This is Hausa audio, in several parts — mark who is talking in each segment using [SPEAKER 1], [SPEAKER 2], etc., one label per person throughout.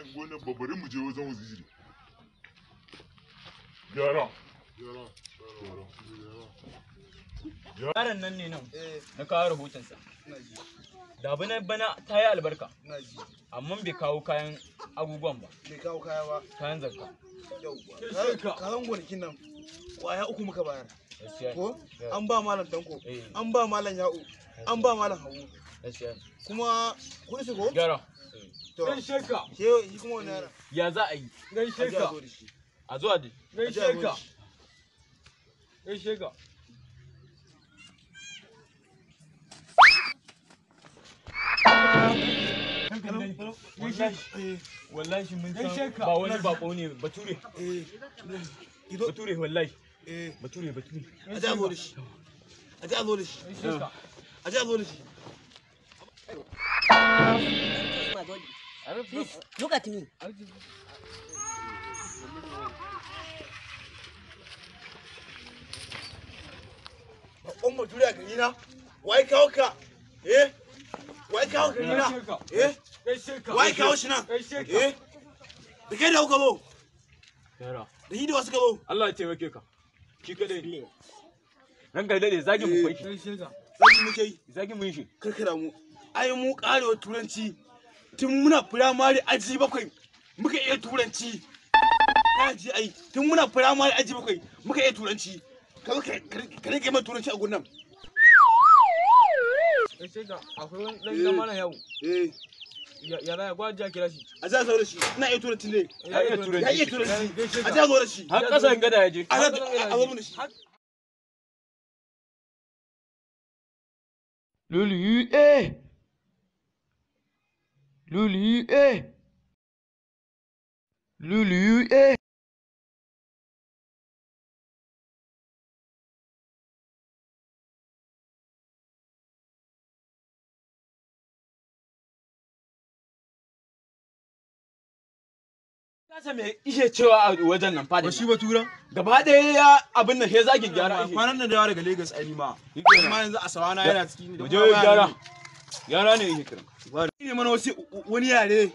[SPEAKER 1] kayan gona babbarin mu je wajen waziri gyara yaron nan ne nan eh. na kawo rahotonsa da bana bana ta yi albarka amma bai kawo kayan agogon ba bai kawo kaya ba kayan zarka kayan gonakin nan kwaya uku muka bayar ko an ba malam danko eh. an ba malam ya'u an ba malam hagu kuma kun shigo gyara eh. Dan sheka. Shi kuma wani yara. Eh, ya za a yi. Dan sheka. A zuwa dai Dan sheka. Dan sheka. Wallahi mun san ba wani bako ne bature. Bature wallahi. Bature bature. A ja zo da shi. A ja eh, eh, zo da shi. A ja zo da shi. Please, look at me. wai kawo ka, eh? Wai kawo eh? Wai kawo shi nan, eh? Da kai da kuka bo? Da shi da wasu ka Allah ya taimake ka. Shi dade mu kai. mu kai. mu yi shi. Karkara mu. Ai mu karewa turanci. tun muna firamare aji bakwai muka iya turanci kaji ai tun muna firamare muka iya turanci ka zo ka mai turanci a gunnan eh, eh, eh. Lulu, eh! Lulu eh. Lulu'e! Eh. kasa mai ishe cewa a wajen nan fadin. Shi batura? Gaba ɗaya ya abin nan ya zagin gyara. Kwanan nan da yawa daga Lagos a ma. Kuma yanzu a sawana yana ciki. Mu je gyara. yara ne yake kiran ne mana wasu wani yare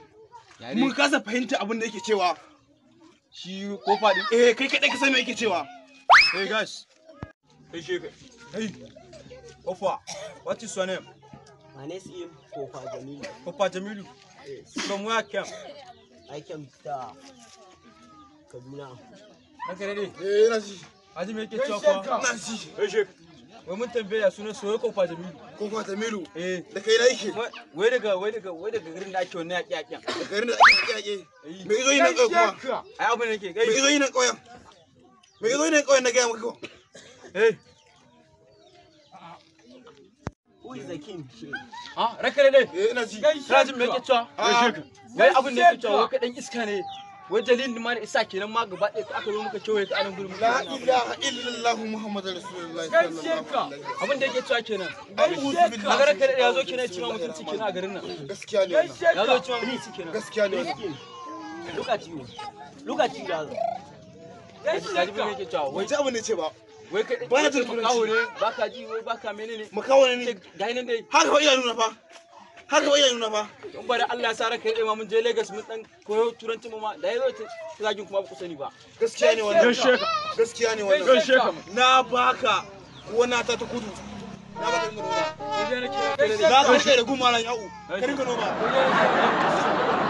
[SPEAKER 1] mun kasa fahimta abin da yake cewa shi ko faɗi eh kai kaɗai ka san me yake cewa hey guys hey hey what is your name my name is kofa jamilu kofa jamilu yes. from where came i came kaduna na eh na shi aji me yake cewa wai mun tambaya sunan kofa jamilu kofa jamilu eh da kai na yake wai daga wai daga wai daga garin da ake wannan yaƙi yaƙi garin da ake yaƙi yaƙi
[SPEAKER 2] eh. me kuma
[SPEAKER 1] ai abin da ke me yi nan me yi na gaya maka eh Who is the king? Ah, Eh, ina ji. me yake cewa? abin da yake cewa kai dan iska ne. wajalin da mana isa kenan ma gaba ɗaya aka zo muka kewaye ta anan gurin muka la ilaha illallah muhammadu rasulullahi sallallahu alaihi wasallam abin da yake cewa kenan a garin ka ya zo kenan cewa mutunci kenan a garin nan gaskiya ne ya zo cewa mutunci kenan gaskiya ne lokaci lokaci ya zo ya ji me yake cewa wai ta abin da ce ba wai ka ba ka ji wai ba ka menene makawo ne ga nan dai haka ba iya nuna fa har gaba yana nuna ma in ba da Allah ya sa ranka ya ma mun je Lagos mun dan koyo turanci mu ma da yazo zagin kuma ba ku sani ba gaskiya ne wannan gaskiya ne wannan na baka wana ta ta kudu na baka dinga noma za ka rike gumaran ya'u ka noma